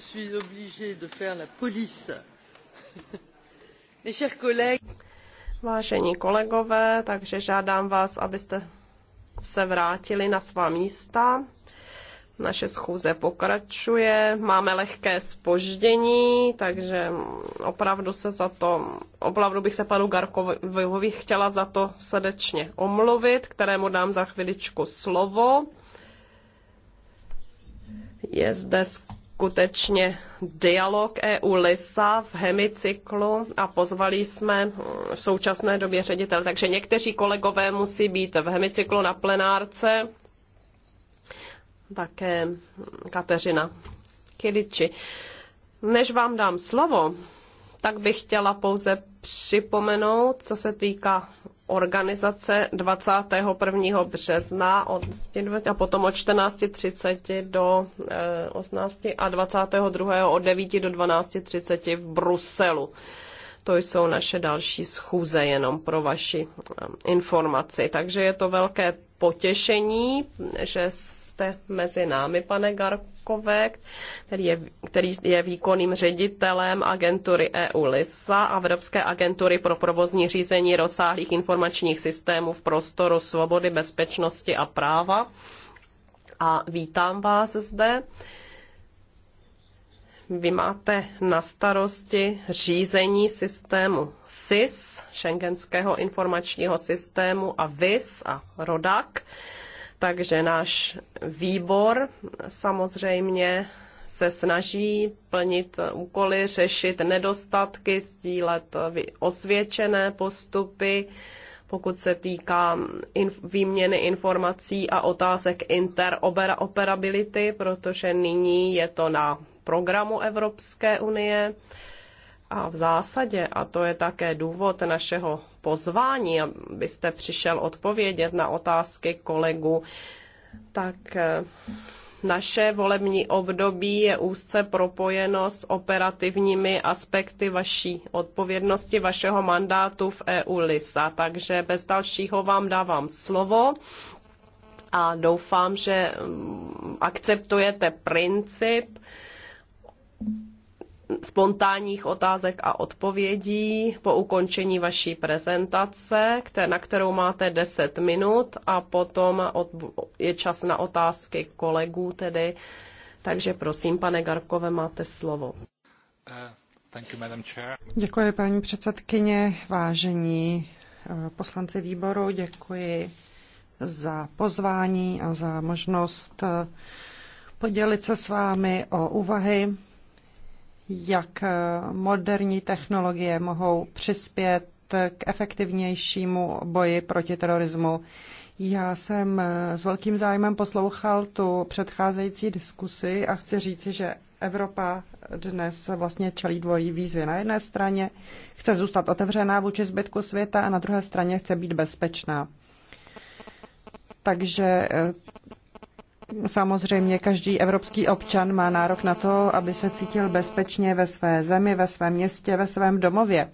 suis obligée de faire la police. Mes chers collègues. Vážení kolegové, takže žádám vás, abyste se vrátili na svá místa. Naše schůze pokračuje, máme lehké spoždění, takže opravdu se za to, opravdu bych se panu Garkovi chtěla za to srdečně omluvit, kterému dám za chviličku slovo. Je zde skutečně dialog EU-LISA v hemicyklu a pozvali jsme v současné době ředitel. Takže někteří kolegové musí být v hemicyklu na plenárce. Také Kateřina Kiliči. Než vám dám slovo, tak bych chtěla pouze připomenout, co se týká organizace 21. března od a potom od 14.30 do 18 eh, a 22. od 9 do 12.30 v Bruselu. To jsou naše další schůze jenom pro vaši eh, informaci. Takže je to velké potěšení, že jste mezi námi, pane Garkové, který je, který je výkonným ředitelem agentury EU LISA a Evropské agentury pro provozní řízení rozsáhlých informačních systémů v prostoru svobody, bezpečnosti a práva. A vítám vás zde. Uh, vy máte na starosti řízení systému SIS, Schengenského informačního systému a VIS a RODAC, takže náš výbor samozřejmě se snaží plnit úkoly, řešit nedostatky, sdílet osvědčené postupy, pokud se týká inf- výměny informací a otázek interoperability, protože nyní je to na programu Evropské unie. A v zásadě, a to je také důvod našeho pozvání, abyste přišel odpovědět na otázky kolegu, tak eh, naše volební období je úzce propojeno s operativními aspekty vaší odpovědnosti, vašeho mandátu v EU LISA. Takže bez dalšího vám dávám slovo a doufám, že mm, akceptujete princip, spontánních otázek a odpovědí po ukončení vaší prezentace, na kterou máte 10 minut a potom je čas na otázky kolegů tedy. Takže prosím, pane Garkové, máte slovo. Děkuji, paní předsedkyně, vážení eh, poslanci výboru, děkuji za pozvání a za možnost eh, podělit se s vámi o úvahy jak eh, moderní technologie mohou přispět k efektivnějšímu boji proti terorismu. Já jsem eh, s velkým zájmem poslouchal tu předcházející diskusi a chci říci, že Evropa dnes vlastně čelí dvojí výzvy. Na jedné straně chce zůstat otevřená vůči zbytku světa a na druhé straně chce být bezpečná. Takže eh, samozřejmě každý evropský občan má nárok na to, aby se cítil bezpečně ve své zemi, ve svém městě, ve svém domově.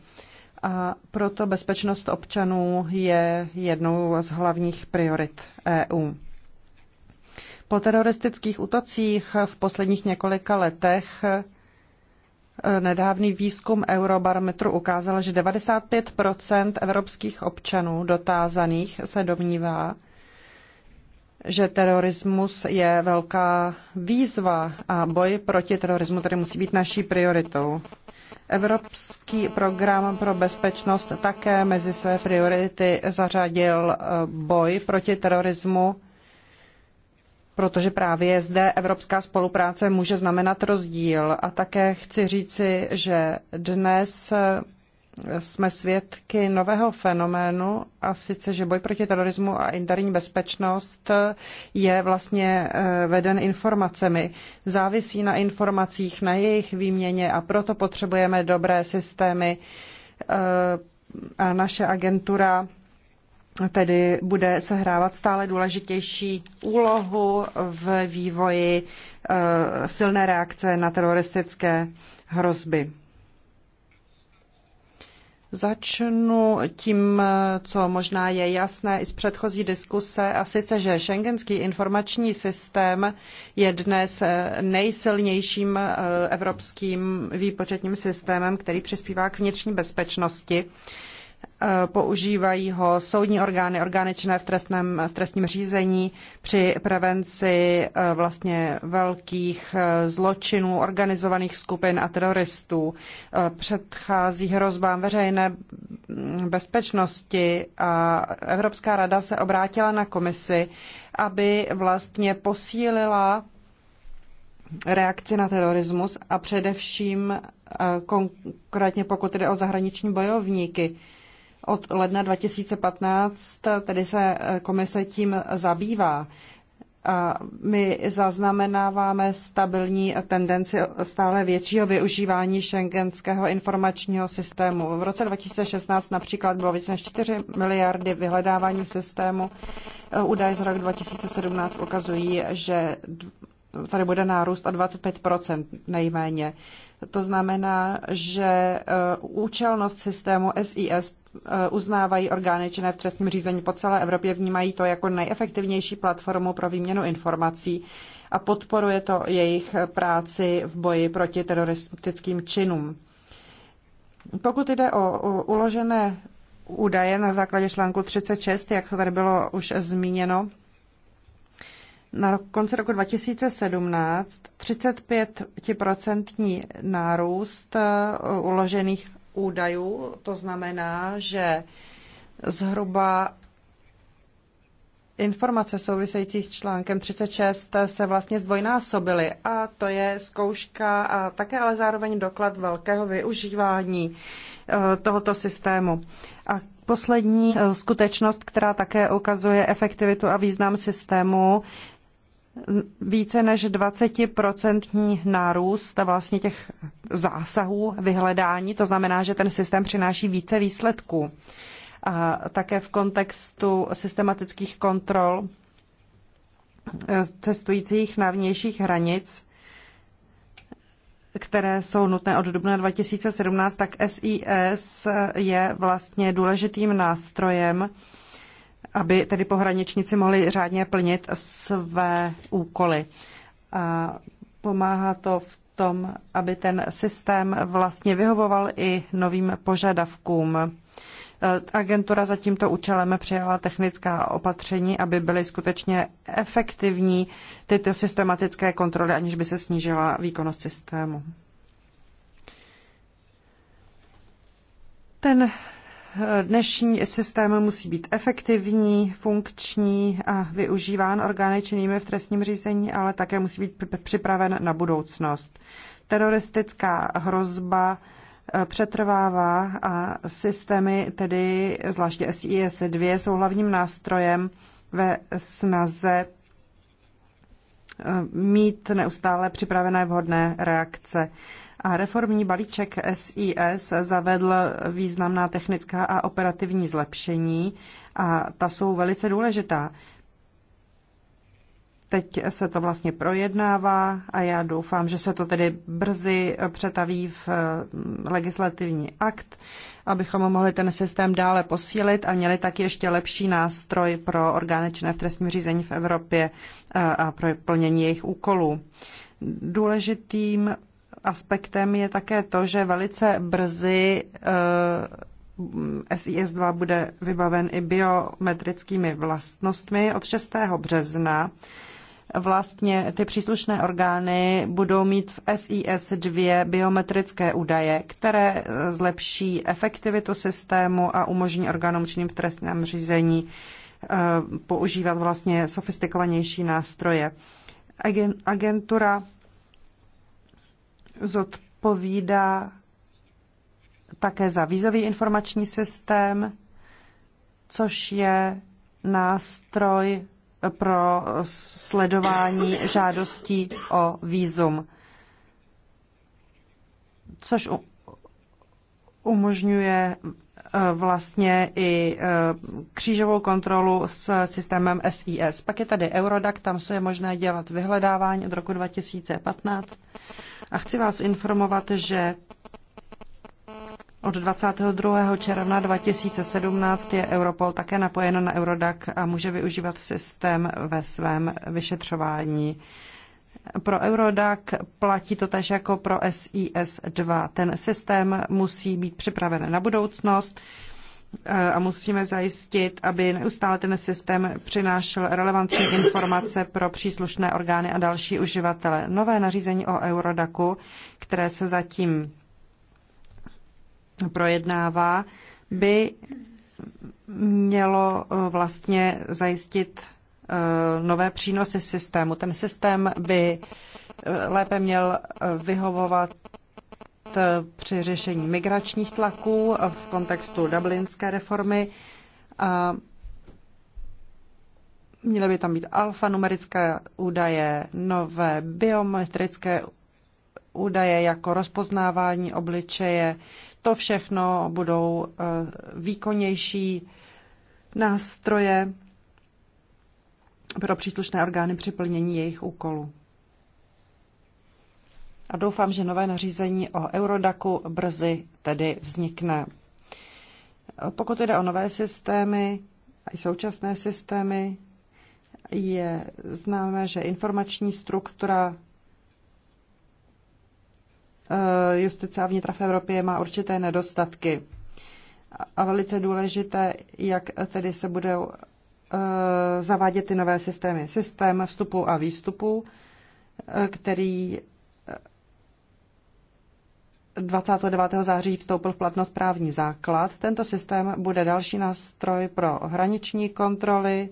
A proto bezpečnost občanů je jednou z hlavních priorit EU. Po teroristických útocích v posledních několika letech e, Nedávný výzkum Eurobarometru ukázal, že 95 evropských občanů dotázaných se domnívá, že terorismus je velká výzva a boj proti terorismu tedy musí být naší prioritou. Evropský program pro bezpečnost také mezi své priority zařadil eh, boj proti terorismu, protože právě zde evropská spolupráce může znamenat rozdíl. A také chci říci, že dnes jsme svědky nového fenoménu, a sice, že boj proti terorismu a interní bezpečnost je vlastně e, veden informacemi. Závisí na informacích, na jejich výměně a proto potřebujeme dobré systémy. E, a naše agentura tedy bude sehrávat stále důležitější úlohu v vývoji e, silné reakce na teroristické hrozby. Začnu tím, co možná je jasné i z předchozí diskuse, a sice, že šengenský informační systém je dnes nejsilnějším eh, evropským výpočetním systémem, který přispívá k vnitřní bezpečnosti. Eh, používají ho soudní orgány, orgány činné v, trestném, v trestním řízení při prevenci eh, vlastně velkých eh, zločinů, organizovaných skupin a teroristů. Předchází hrozbám veřejné mm, bezpečnosti a Evropská rada se obrátila na komisi, aby vlastně posílila reakci na terorismus a především konkrétně pokud jde o zahraniční bojovníky od ledna 2015 tedy se eh, komise tím zabývá. A my zaznamenáváme stabilní tendenci stále většího využívání šengenského informačního systému. V roce 2016 například bylo více než 4 miliardy vyhledávání systému. Eh, údaje z roku 2017 ukazují, že tady bude nárůst o 25% nejméně. To znamená, že eh, účelnost systému SIS eh, uznávají orgány činné v trestním řízení po celé Evropě, vnímají to jako nejefektivnější platformu pro výměnu informací a podporuje to jejich práci v boji proti teroristickým činům. Pokud jde o uložené údaje na základě článku 36, jak to tady bylo už zmíněno, na konci roku 2017 35% nárůst eh, uložených údajů. To znamená, že zhruba informace související s článkem 36 se vlastně zdvojnásobily a to je zkouška a také ale zároveň doklad velkého využívání eh, tohoto systému. A poslední eh, skutečnost, která také ukazuje efektivitu a význam systému, více než 20% nárůst vlastně těch zásahů vyhledání. To znamená, že ten systém přináší více výsledků. A také v kontextu systematických kontrol eh, cestujících na vnějších hranic, které jsou nutné od dubna 2017, tak SIS je vlastně důležitým nástrojem, aby tedy pohraničníci mohli řádně plnit své úkoly. A pomáhá to v tom, aby ten systém vlastně vyhovoval i novým požadavkům. E, agentura za tímto účelem přijala technická opatření, aby byly skutečně efektivní tyto systematické kontroly, aniž by se snížila výkonnost systému. Ten Dnešní systém musí být efektivní, funkční a využíván orgány činnými v trestním řízení, ale také musí být připraven na budoucnost. Teroristická hrozba eh, přetrvává a systémy, tedy zvláště SIS-2, jsou hlavním nástrojem ve snaze Eh, mít neustále připravené vhodné reakce. A reformní balíček SIS zavedl významná technická a operativní zlepšení a ta jsou velice důležitá. Teď se to vlastně projednává a já doufám, že se to tedy brzy přetaví v eh, legislativní akt, abychom mohli ten systém dále posílit a měli tak ještě lepší nástroj pro orgány činné v trestním řízení v Evropě eh, a pro plnění jejich úkolů. Důležitým aspektem je také to, že velice brzy eh, SIS-2 bude vybaven i biometrickými vlastnostmi od 6. března vlastně ty příslušné orgány budou mít v SIS dvě biometrické údaje, které zlepší efektivitu systému a umožní orgánům činným v trestném řízení eh, používat vlastně sofistikovanější nástroje. Agentura zodpovídá také za vízový informační systém, což je nástroj pro sledování žádostí o výzum, což umožňuje eh, vlastně i eh, křížovou kontrolu s systémem SIS. Pak je tady Eurodac, tam se je možné dělat vyhledávání od roku 2015. A chci vás informovat, že od 22. června 2017 je Europol také napojen na Eurodac a může využívat systém ve svém vyšetřování. Pro Eurodac platí to tež jako pro SIS-2. Ten systém musí být připraven na budoucnost eh, a musíme zajistit, aby neustále ten systém přinášel relevantní informace pro příslušné orgány a další uživatele. Nové nařízení o Eurodacu, které se zatím projednává, by mělo eh, vlastně zajistit eh, nové přínosy systému. Ten systém by eh, lépe měl vyhovovat při řešení migračních tlaků v kontextu dublinské reformy. A měly by tam být alfanumerické údaje, nové biometrické údaje jako rozpoznávání obličeje, to všechno budou eh, výkonnější nástroje pro příslušné orgány při plnění jejich úkolů. A doufám, že nové nařízení o Eurodaku brzy tedy vznikne. Pokud jde o nové systémy i současné systémy, je známé, že informační struktura Eh, justice a vnitra v Evropě má určité nedostatky. A velice důležité, jak tedy se budou eh, zavádět ty nové systémy. Systém vstupu a výstupu, eh, který 29. září vstoupil v platnost právní základ. Tento systém bude další nástroj pro hraniční kontroly,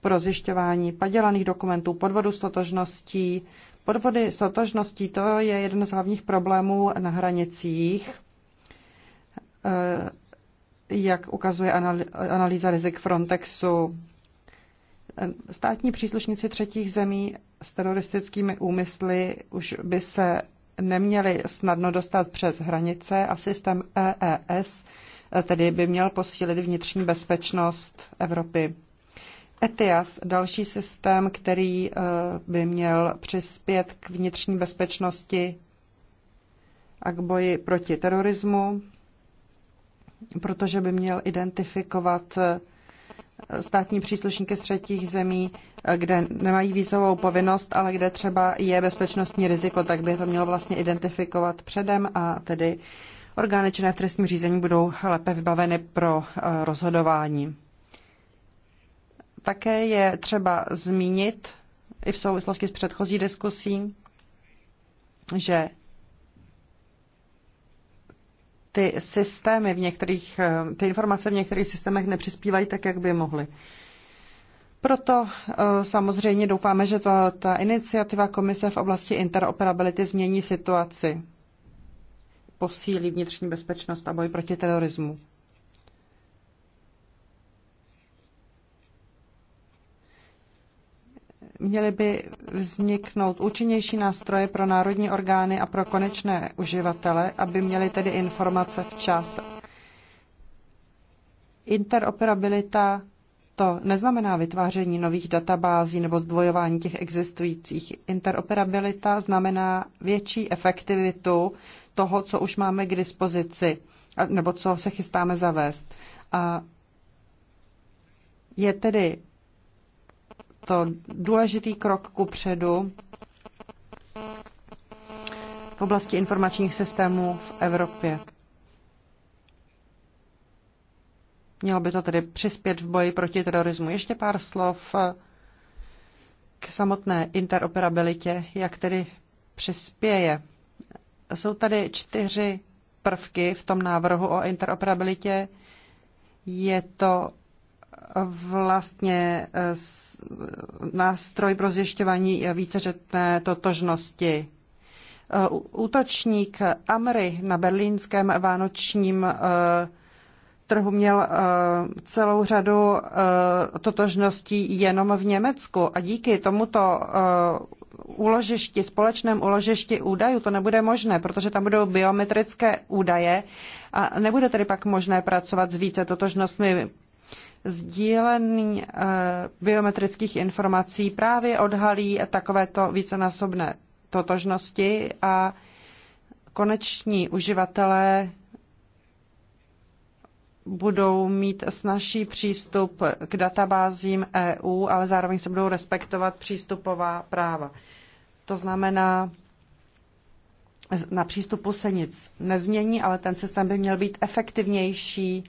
pro zjišťování padělaných dokumentů, podvodu s totožností Podvody s totožností to je jeden z hlavních problémů na hranicích, eh, jak ukazuje analýza rizik Frontexu. Eh, státní příslušníci třetích zemí s teroristickými úmysly už by se neměli snadno dostat přes hranice a systém EES eh, tedy by měl posílit vnitřní bezpečnost Evropy. ETIAS, další systém, který eh, by měl přispět k vnitřní bezpečnosti a k boji proti terorismu, protože by měl identifikovat eh, státní příslušníky z třetích zemí, eh, kde nemají vízovou povinnost, ale kde třeba je bezpečnostní riziko, tak by to mělo vlastně identifikovat předem a tedy orgány činné v trestním řízení budou lépe vybaveny pro rozhodování. Také je třeba zmínit i v souvislosti s předchozí diskusí, že ty systémy v některých, eh, ty informace v některých systémech nepřispívají tak, jak by mohly. Proto eh, samozřejmě doufáme, že to, ta iniciativa komise v oblasti interoperability změní situaci, posílí vnitřní bezpečnost a boj proti terorismu. Měly by vzniknout účinnější nástroje pro národní orgány a pro konečné uživatele, aby měli tedy informace včas. Interoperabilita to neznamená vytváření nových databází nebo zdvojování těch existujících. Interoperabilita znamená větší efektivitu toho, co už máme k dispozici nebo co se chystáme zavést. A je tedy to důležitý krok ku předu v oblasti informačních systémů v Evropě. Mělo by to tedy přispět v boji proti terorismu. Ještě pár slov k samotné interoperabilitě, jak tedy přispěje. Jsou tady čtyři prvky v tom návrhu o interoperabilitě. Je to vlastně eh, eh, nástroj pro zjišťování vícečetné totožnosti. Eh, útočník Amry na berlínském vánočním trhu měl celou řadu totožností jenom v Německu a díky tomuto úložišti, společném úložišti údajů to nebude možné, protože tam budou biometrické údaje a nebude tedy pak možné pracovat s více totožnostmi sdílení eh, biometrických informací právě odhalí takovéto vícenásobné totožnosti a koneční uživatelé budou mít snažší přístup k databázím EU, ale zároveň se budou respektovat přístupová práva. To znamená, na přístupu se nic nezmění, ale ten systém by měl být efektivnější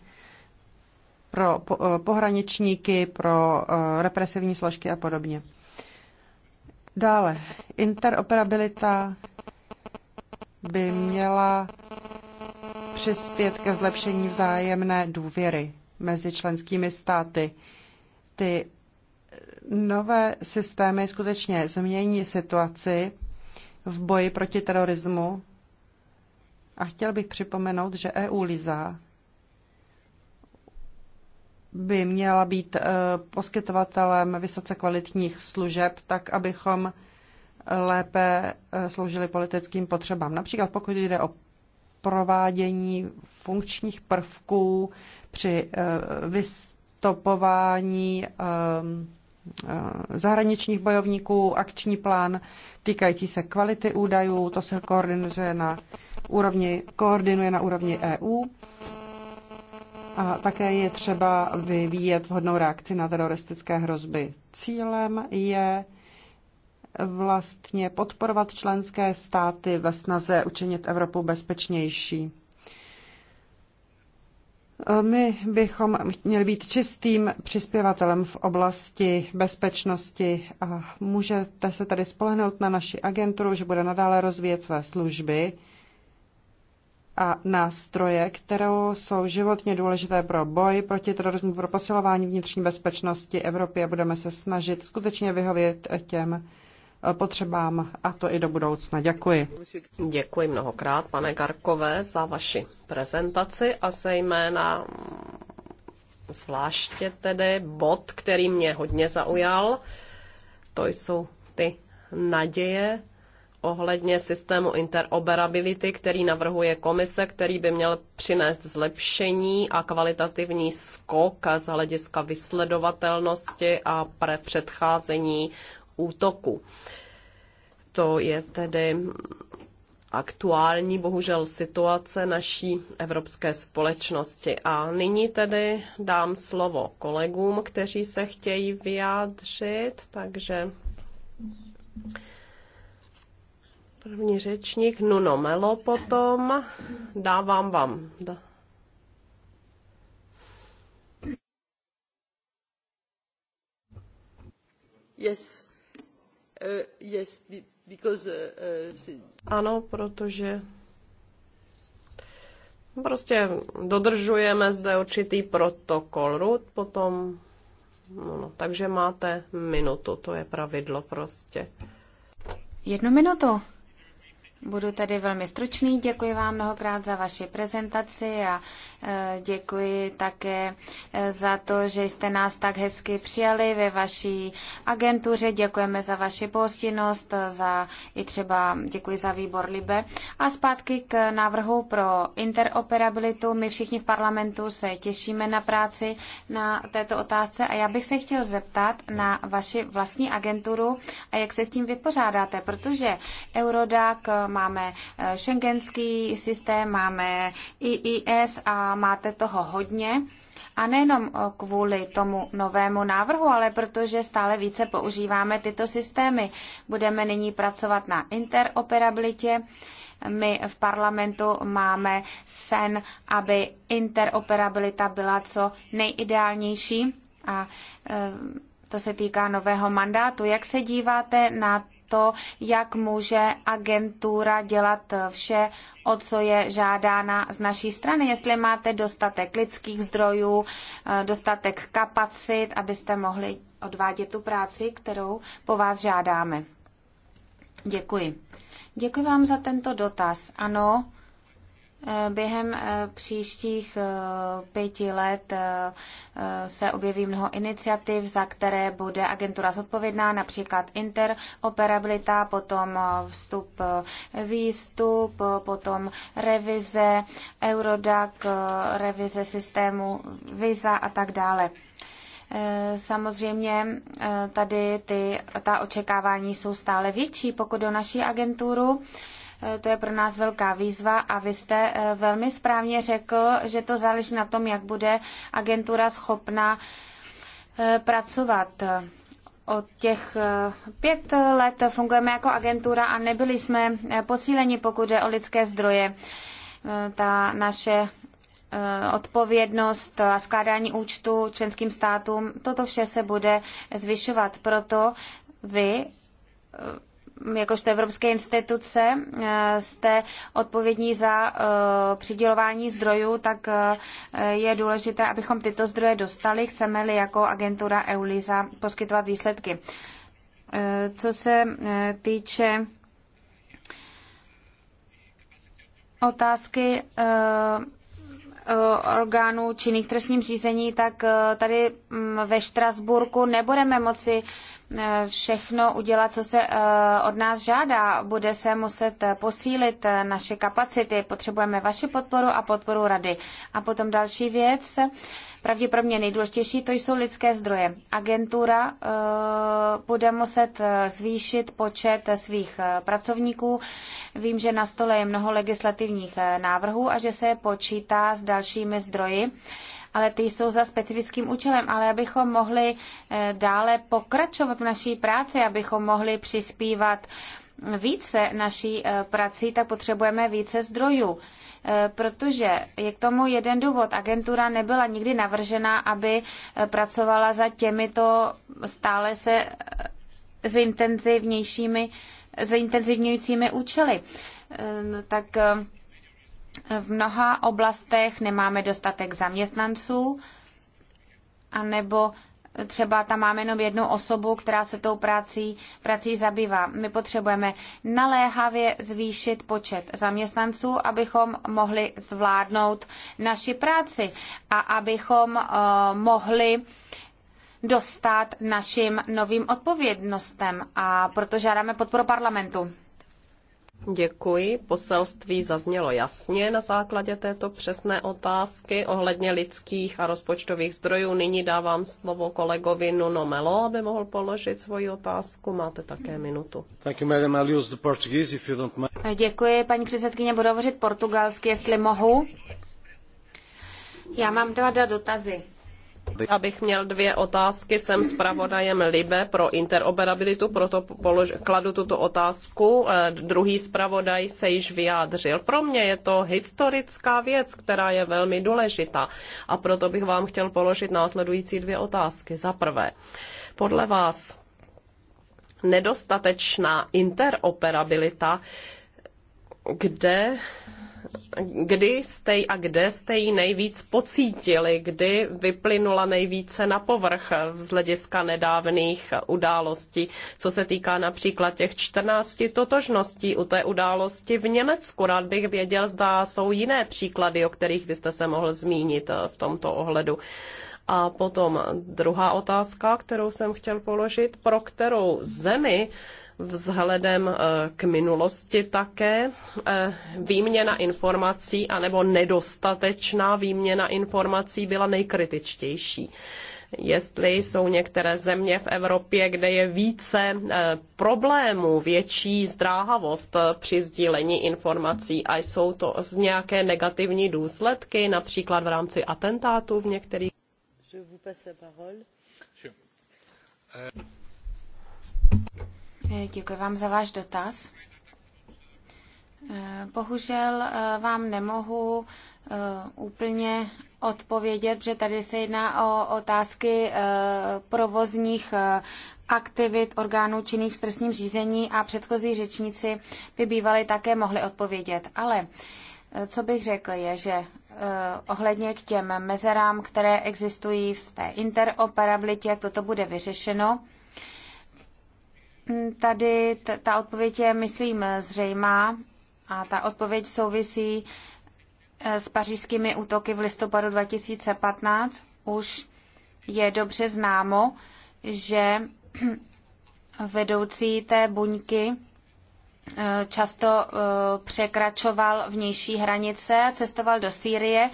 pro eh, pohraničníky, pro eh, represivní složky a podobně. Dále, interoperabilita by měla přispět ke zlepšení vzájemné důvěry mezi členskými státy. Ty nové systémy skutečně změní situaci v boji proti terorismu. A chtěl bych připomenout, že EU-LISA by měla být eh, poskytovatelem vysoce kvalitních služeb, tak abychom lépe eh, sloužili politickým potřebám. Například pokud jde o provádění funkčních prvků při eh, vystopování zahraničních bojovníků, akční plán týkající se kvality údajů, to se koordinuje na úrovni, koordinuje na úrovni EU a také je třeba vyvíjet vhodnou reakci na teroristické hrozby. Cílem je vlastně podporovat členské státy ve snaze učinit Evropu bezpečnější. My bychom měli být čistým přispěvatelem v oblasti bezpečnosti a můžete se tady spolehnout na naši agenturu, že bude nadále rozvíjet své služby a nástroje, které jsou životně důležité pro boj proti terorismu, pro posilování vnitřní bezpečnosti Evropy a budeme se snažit skutečně vyhovět těm eh, potřebám a to i do budoucna. Děkuji. Děkuji mnohokrát, pane Garkové, za vaši prezentaci a zejména zvláště tedy bod, který mě hodně zaujal, to jsou ty naděje ohledně systému interoperability, který navrhuje komise, který by měl přinést zlepšení a kvalitativní skok z hlediska vysledovatelnosti a pre předcházení útoku. To je tedy aktuální bohužel situace naší evropské společnosti. A nyní tedy dám slovo kolegům, kteří se chtějí vyjádřit, takže První řečník Nuno Melo potom. Dávám vám. Yes. Uh, yes, because, uh, uh, ano, protože prostě dodržujeme zde určitý protokol RUT, potom, no, no, takže máte minutu, to je pravidlo prostě. Jednu minutu. Budu tedy velmi stručný. Děkuji vám mnohokrát za vaši prezentaci a e, děkuji také e, za to, že jste nás tak hezky přijali ve vaší agentuře. Děkujeme za vaši pohostinnost, e, za i třeba děkuji za výbor Libe. A zpátky k návrhu pro interoperabilitu. My všichni v parlamentu se těšíme na práci na této otázce a já bych se chtěl zeptat na vaši vlastní agenturu a jak se s tím vypořádáte, protože Eurodac máme šengenský eh, systém, máme IIS a máte toho hodně. A nejenom eh, kvůli tomu novému návrhu, ale protože stále více používáme tyto systémy. Budeme nyní pracovat na interoperabilitě. My v parlamentu máme sen, aby interoperabilita byla co nejideálnější. A eh, to se týká nového mandátu. Jak se díváte na to, jak může agentura dělat vše, o co je žádána z naší strany. Jestli máte dostatek lidských zdrojů, eh, dostatek kapacit, abyste mohli odvádět tu práci, kterou po vás žádáme. Děkuji. Děkuji vám za tento dotaz. Ano, Eh, během eh, příštích eh, pěti let se objeví mnoho iniciativ, za které bude agentura zodpovědná, například interoperabilita, potom vstup, výstup, potom revize Eurodac, revize systému Visa a tak dále. Samozřejmě tady ty, ta očekávání jsou stále větší, pokud do naší agenturu. Eh, to je pro nás velká výzva a vy jste eh, velmi správně řekl, že to záleží na tom, jak bude agentura schopna eh, pracovat od těch pět let fungujeme jako agentura a nebyli jsme posíleni, pokud jde o lidské zdroje. Ta naše odpovědnost a skládání účtu členským státům, toto vše se bude zvyšovat. Proto vy jakožto evropské instituce eh, jste odpovědní za eh, přidělování zdrojů, tak eh, je důležité, abychom tyto zdroje dostali, chceme-li jako agentura EULISA poskytovat výsledky. Co se týče otázky orgánů činných trestním řízení, tak tady mm, ve Štrasburku nebudeme moci Eh, všechno udělat, co se eh, od nás žádá. Bude se muset eh, posílit naše kapacity. Potřebujeme vaši podporu a podporu rady. A potom další věc, pravděpodobně nejdůležitější, to jsou lidské zdroje. Agentura bude muset zvýšit počet svých pracovníků. Vím, že na stole je mnoho legislativních návrhů a že se počítá s dalšími zdroji ale ty jsou za specifickým účelem, ale abychom mohli eh, dále pokračovat v naší práci, abychom mohli přispívat více naší eh, prací, tak potřebujeme více zdrojů eh, protože je k tomu jeden důvod. Agentura nebyla nikdy navržena, aby pracovala za těmito stále se zintenzivnějšími, zintenzivňujícími účely. No tak v mnoha oblastech nemáme dostatek zaměstnanců, anebo třeba tam máme jenom jednu osobu, která se tou prací, prací zabývá. My potřebujeme naléhavě zvýšit počet zaměstnanců, abychom mohli zvládnout naši práci a abychom uh, mohli dostat našim novým odpovědnostem. A proto žádáme podporu parlamentu. Děkuji. Poselství zaznělo jasně na základě této přesné otázky ohledně lidských a rozpočtových zdrojů. Nyní dávám slovo kolegovi Nuno Melo, aby mohl položit svoji otázku. Máte také minutu. Děkuji, paní předsedkyně. Budu hovořit portugalsky, jestli mohu. Já mám dva dotazy. Abych měl dvě otázky, jsem zpravodajem LIBE pro interoperabilitu, proto polož, kladu tuto otázku. E, druhý zpravodaj se již vyjádřil. Pro mě je to historická věc, která je velmi důležitá a proto bych vám chtěl položit následující dvě otázky. Za prvé, podle vás nedostatečná interoperabilita, kde kdy jste a kde jste ji nejvíc pocítili, kdy vyplynula nejvíce na povrch z hlediska nedávných událostí, co se týká například těch 14 totožností u té události v Německu. Rád bych věděl, zda jsou jiné příklady, o kterých byste se mohl zmínit v tomto ohledu. A potom druhá otázka, kterou jsem chtěl položit, pro kterou zemi vzhledem eh, k minulosti také eh, výměna informací anebo nedostatečná výměna informací byla nejkritičtější jestli jsou některé země v Evropě, kde je více eh, problémů, větší zdráhavost při sdílení informací a jsou to z nějaké negativní důsledky, například v rámci atentátů v některých. Děkuji vám za váš dotaz. Eh, bohužel eh, vám nemohu eh, úplně odpovědět, že tady se jedná o otázky provozních aktivit orgánů činných v trestním řízení a předchozí řečníci by bývali také mohli odpovědět. Ale co bych řekl je, že ohledně k těm mezerám, které existují v té interoperabilitě, jak toto bude vyřešeno, Mm, tady ta odpověď je, myslím, zřejmá a ta odpověď souvisí eh, s pařížskými útoky v listopadu 2015. Už je dobře známo, že vedoucí té buňky eh, často eh, překračoval vnější hranice, cestoval do Sýrie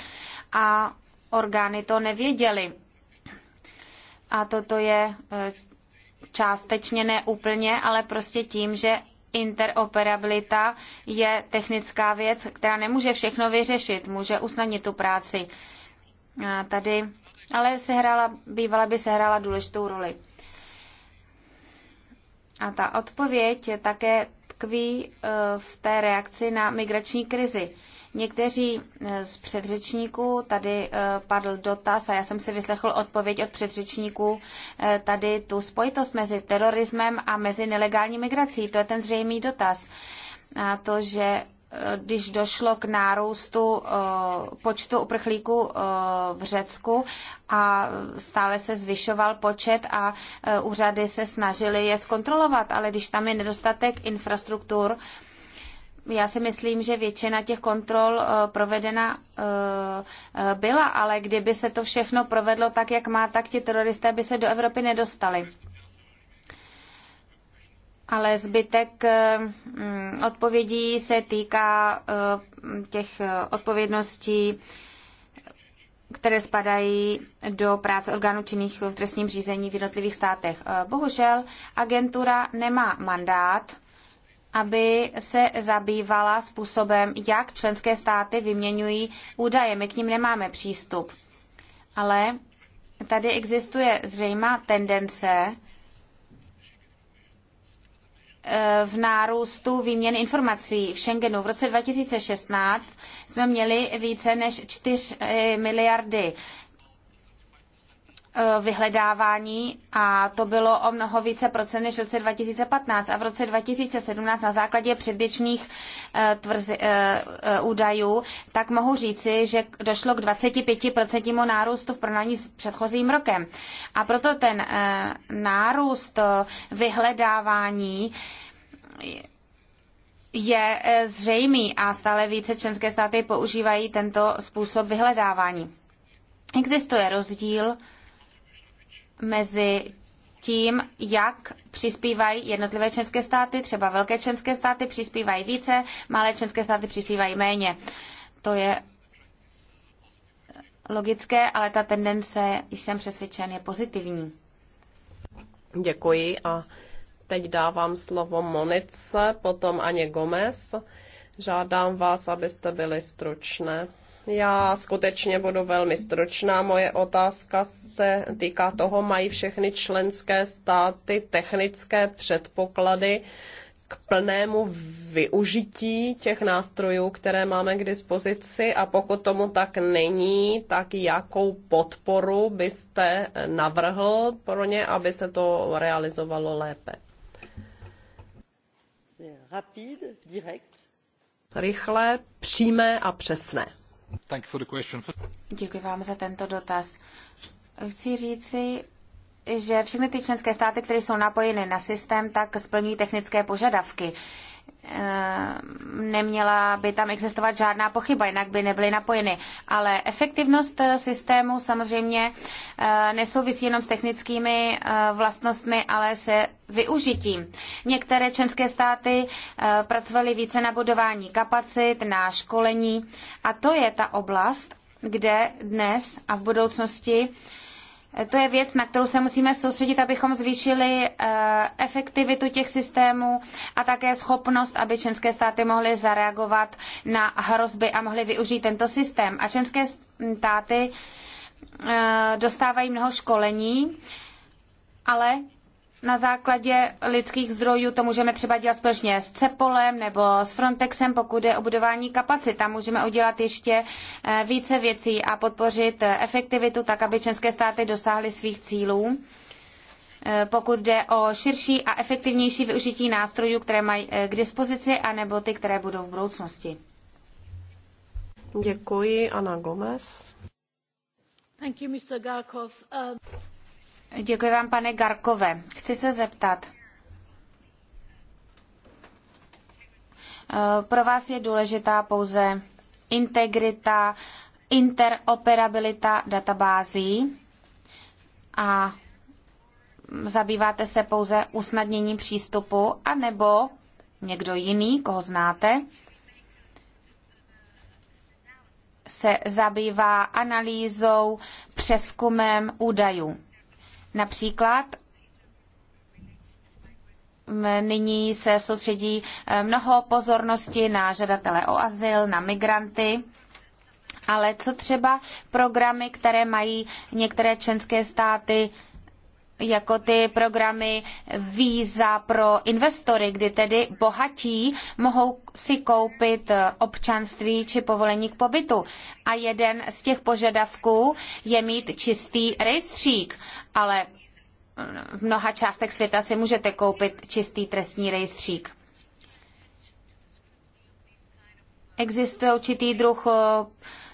a orgány to nevěděly. A toto je částečně, ne úplně, ale prostě tím, že interoperabilita je technická věc, která nemůže všechno vyřešit, může usnadnit tu práci. A tady ale sehrála, bývala by sehrála důležitou roli. A ta odpověď také tkví eh, v té reakci na migrační krizi. Někteří eh, z předřečníků, tady eh, padl dotaz a já jsem si vyslechl odpověď od předřečníků, tady tu spojitost mezi terorismem a mezi nelegální migrací, to je ten zřejmý dotaz. A to, že když došlo k nárůstu eh, počtu uprchlíků eh, v Řecku a stále se zvyšoval počet a eh, úřady se snažily je zkontrolovat, ale když tam je nedostatek infrastruktur, já si myslím, že většina těch kontrol provedena byla, ale kdyby se to všechno provedlo tak, jak má, tak ti teroristé by se do Evropy nedostali ale zbytek mm, odpovědí se týká eh, těch eh, odpovědností, které spadají do práce orgánů činných v trestním řízení v jednotlivých státech. Eh, bohužel agentura nemá mandát, aby se zabývala způsobem, jak členské státy vyměňují údaje. My k ním nemáme přístup. Ale tady existuje zřejmá tendence, v nárůstu výměny informací v Schengenu. V roce 2016 jsme měli více než 4 miliardy Eh, vyhledávání a to bylo o mnoho více procent než v roce 2015 a v roce 2017 na základě předběčných eh, tvrzi, eh, údajů, tak mohu říci, že došlo k 25% nárůstu v porovnání s předchozím rokem. A proto ten nárůst vyhledávání je zřejmý a stále více členské státy používají tento způsob vyhledávání. Existuje rozdíl mezi tím, jak přispívají jednotlivé členské státy, třeba velké členské státy přispívají více, malé členské státy přispívají méně. To je logické, ale ta tendence, jsem přesvědčen, je pozitivní. Děkuji a teď dávám slovo Monice, potom Aně Gomez. Žádám vás, abyste byli stručné. Já skutečně budu velmi stručná. Moje otázka se týká toho, mají všechny členské státy technické předpoklady k plnému využití těch nástrojů, které máme k dispozici a pokud tomu tak není, tak jakou podporu byste navrhl pro ně, aby se to realizovalo lépe? Rychlé, přímé a přesné. Děkuji vám za tento dotaz. Chci říci, že všechny ty členské státy, které jsou napojeny na systém, tak splní technické požadavky. Ehm, neměla by tam existovat žádná pochyba, jinak by nebyly napojeny. Ale efektivnost eh, systému samozřejmě eh, nesouvisí jenom s technickými eh, vlastnostmi, ale se využitím. Některé členské státy pracovaly více na budování kapacit, na školení a to je ta oblast, kde dnes a v budoucnosti uh, Eh, to je věc, na kterou se musíme soustředit, abychom zvýšili eh, efektivitu těch systémů a také schopnost, aby členské státy mohly zareagovat na hrozby a mohly využít tento systém. A členské státy eh, dostávají mnoho školení, ale na základě lidských zdrojů to můžeme třeba dělat společně s Cepolem nebo s Frontexem, pokud je o budování kapacit. Tam můžeme udělat ještě eh, více věcí a podpořit eh, efektivitu tak, aby české státy dosáhly svých cílů eh, pokud jde o širší a efektivnější využití nástrojů, které mají k dispozici, anebo ty, které budou v budoucnosti. Děkuji, Ana Gomez. Thank you, Mr. Garkov. Um... Děkuji vám, pane Garkove. Chci se zeptat. Eh, pro vás je důležitá pouze integrita, interoperabilita databází a zabýváte se pouze usnadněním přístupu, anebo někdo jiný, koho znáte, se zabývá analýzou, přeskumem údajů. Například nyní se soustředí eh, mnoho pozornosti na žadatele o azyl, na migranty. Ale co třeba programy, které mají některé členské státy jako ty programy víza pro investory, kdy tedy bohatí mohou si koupit občanství či povolení k pobytu. A jeden z těch požadavků je mít čistý rejstřík, ale v mnoha částech světa si můžete koupit čistý trestní rejstřík. Existuje určitý druh eh,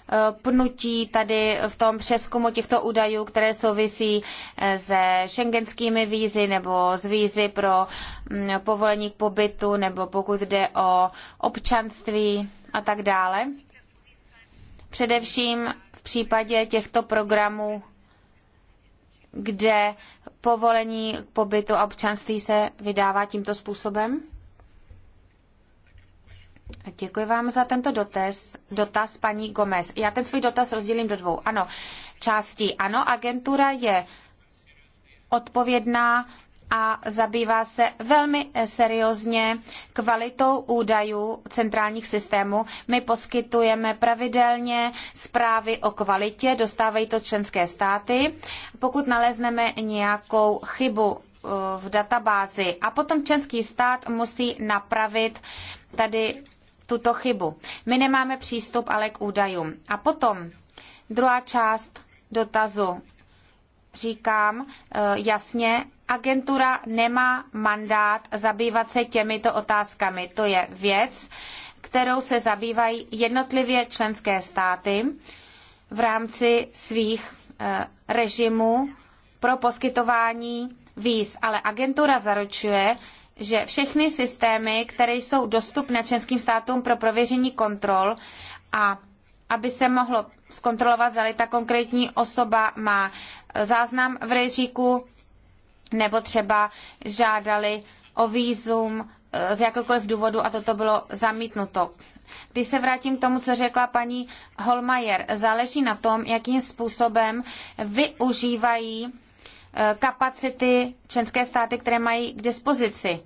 Eh, pnutí tady v tom přeskumu těchto údajů, které souvisí eh, se šengenskými vízy nebo z vízy pro mm, povolení k pobytu nebo pokud jde o občanství a tak dále. Především v případě těchto programů, kde povolení k pobytu a občanství se vydává tímto způsobem? Děkuji vám za tento dotaz, dotaz paní Gomez. Já ten svůj dotaz rozdělím do dvou. Ano, částí. Ano, agentura je odpovědná a zabývá se velmi seriózně kvalitou údajů centrálních systémů. My poskytujeme pravidelně zprávy o kvalitě, dostávají to členské státy. Pokud nalezneme nějakou chybu eh, v databázi a potom členský stát musí napravit tady tuto chybu. My nemáme přístup ale k údajům. A potom druhá část dotazu. Říkám eh, jasně, agentura nemá mandát zabývat se těmito otázkami. To je věc, kterou se zabývají jednotlivě členské státy v rámci svých eh, režimů pro poskytování víz, ale agentura zaručuje, že všechny systémy, které jsou dostupné členským státům pro prověření kontrol a aby se mohlo zkontrolovat, zda ta konkrétní osoba má eh, záznam v rejstříku, nebo třeba žádali o výzum eh, z jakéhokoliv důvodu a toto bylo zamítnuto. Když se vrátím k tomu, co řekla paní Holmajer, záleží na tom, jakým způsobem využívají Eh, kapacity členské státy, které mají k dispozici.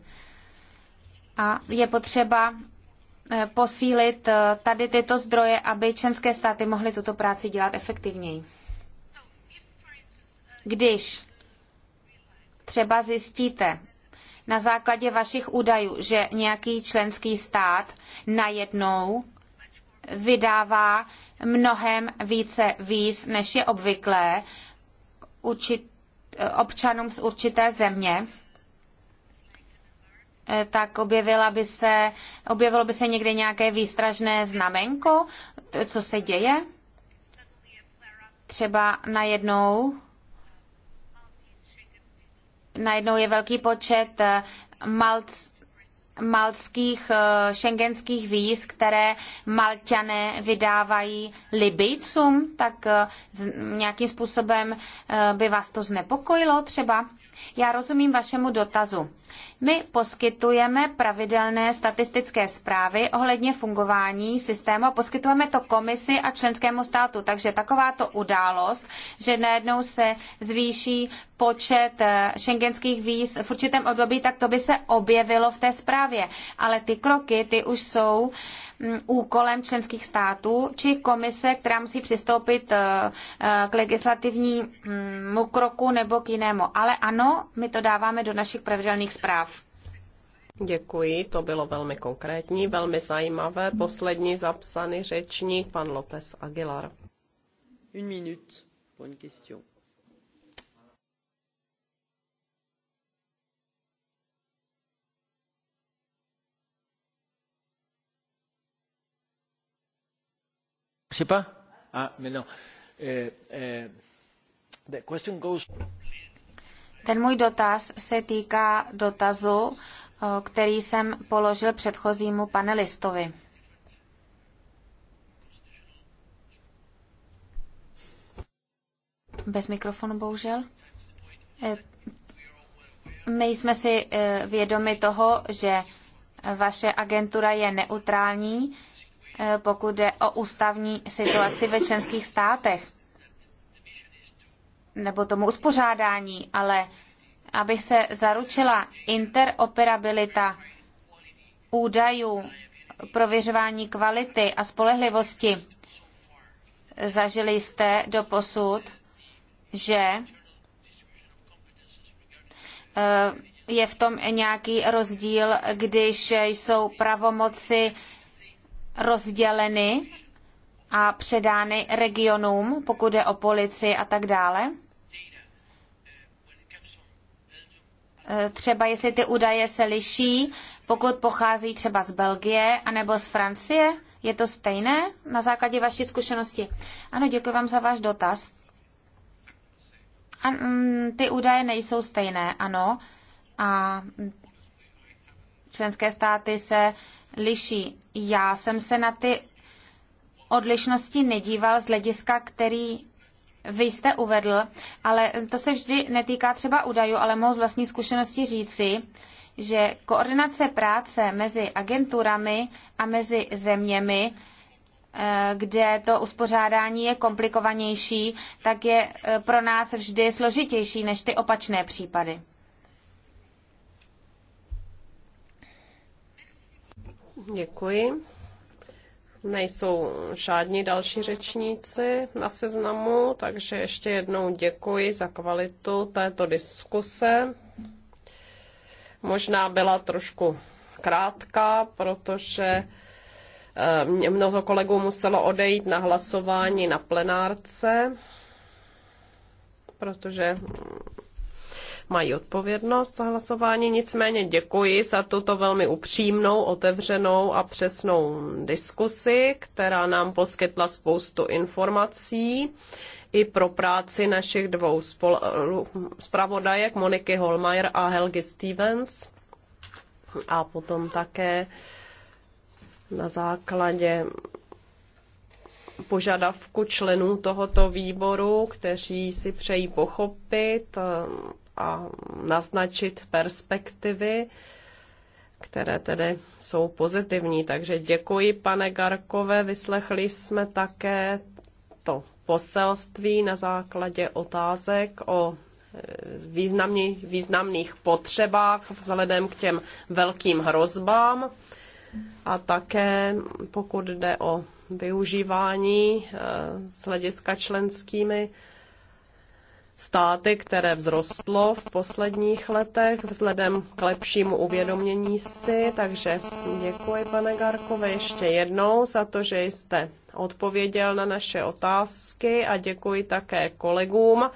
A je potřeba eh, posílit eh, tady tyto zdroje, aby členské státy mohly tuto práci dělat efektivněji. Když třeba zjistíte na základě vašich údajů, že nějaký členský stát najednou vydává mnohem více víz, než je obvyklé, určit občanům z určité země, eh, tak objevila by se, objevilo by se někde nějaké výstražné znamenko, co se děje. Třeba najednou, najednou je velký počet eh, malc, maltských šengenských eh, víz, které malťané vydávají Libijcům, tak eh, nějakým způsobem eh, by vás to znepokojilo třeba? Já rozumím vašemu dotazu. My poskytujeme pravidelné statistické zprávy ohledně fungování systému a poskytujeme to komisi a členskému státu. Takže takováto událost, že najednou se zvýší počet šengenských eh, víz v určitém období, tak to by se objevilo v té zprávě. Ale ty kroky, ty už jsou uh, Mm, úkolem členských států či komise, která musí přistoupit eh, eh, k legislativnímu kroku nebo k jinému. Ale ano, my to dáváme do našich pravidelných zpráv. Děkuji, to bylo velmi konkrétní, velmi zajímavé. Poslední zapsaný řečník, pan López Aguilar. Une minute pour une question. Ah, eh, eh, Ten můj dotaz se týká dotazu, eh, který jsem položil předchozímu panelistovi. Bez mikrofonu, bohužel. My jsme si vědomi toho, že vaše agentura je neutrální, Eh, pokud jde o ústavní situaci ve členských státech nebo tomu uspořádání, ale aby se zaručila interoperabilita údajů, prověřování kvality a spolehlivosti. Zažili jste do posud, že eh, je v tom nějaký rozdíl, když jsou pravomoci rozděleny a předány regionům, pokud je o policii a tak dále? Eh, třeba jestli ty údaje se liší, pokud pochází třeba z Belgie anebo z Francie, je to stejné na základě vaší zkušenosti? Ano, děkuji vám za váš dotaz. A, mm, ty údaje nejsou stejné, ano. A členské státy se liší. Já jsem se na ty odlišnosti nedíval z hlediska, který vy jste uvedl, ale to se vždy netýká třeba údajů, ale mohu z vlastní zkušenosti říci, že koordinace práce mezi agenturami a mezi zeměmi, eh, kde to uspořádání je komplikovanější, tak je eh, pro nás vždy složitější než ty opačné případy. Děkuji. Nejsou žádní další řečníci na seznamu, takže ještě jednou děkuji za kvalitu této diskuse. Možná byla trošku krátká, protože eh, mnoho kolegů muselo odejít na hlasování na plenárce, protože mají odpovědnost za hlasování. Nicméně děkuji za tuto velmi upřímnou, otevřenou a přesnou diskusi, která nám poskytla spoustu informací i pro práci našich dvou spol- zpravodajek Moniky Holmajer a Helgi Stevens. A potom také na základě požadavku členů tohoto výboru, kteří si přejí pochopit a naznačit perspektivy, které tedy jsou pozitivní. Takže děkuji, pane Garkové. Vyslechli jsme také to poselství na základě otázek o e, významný, významných potřebách vzhledem k těm velkým hrozbám a také pokud jde o využívání e, z hlediska členskými státy, které vzrostlo v posledních letech vzhledem k lepšímu uvědomění si. Takže děkuji, pane Garkové, ještě jednou za to, že jste odpověděl na naše otázky a děkuji také kolegům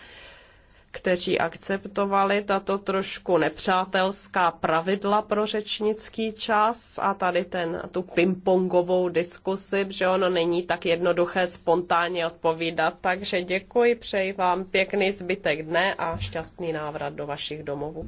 kteří akceptovali tato trošku nepřátelská pravidla pro řečnický čas a tady ten, tu pingpongovou diskusi, že ono není tak jednoduché spontánně odpovídat. Takže děkuji, přeji vám pěkný zbytek dne a šťastný návrat do vašich domovů.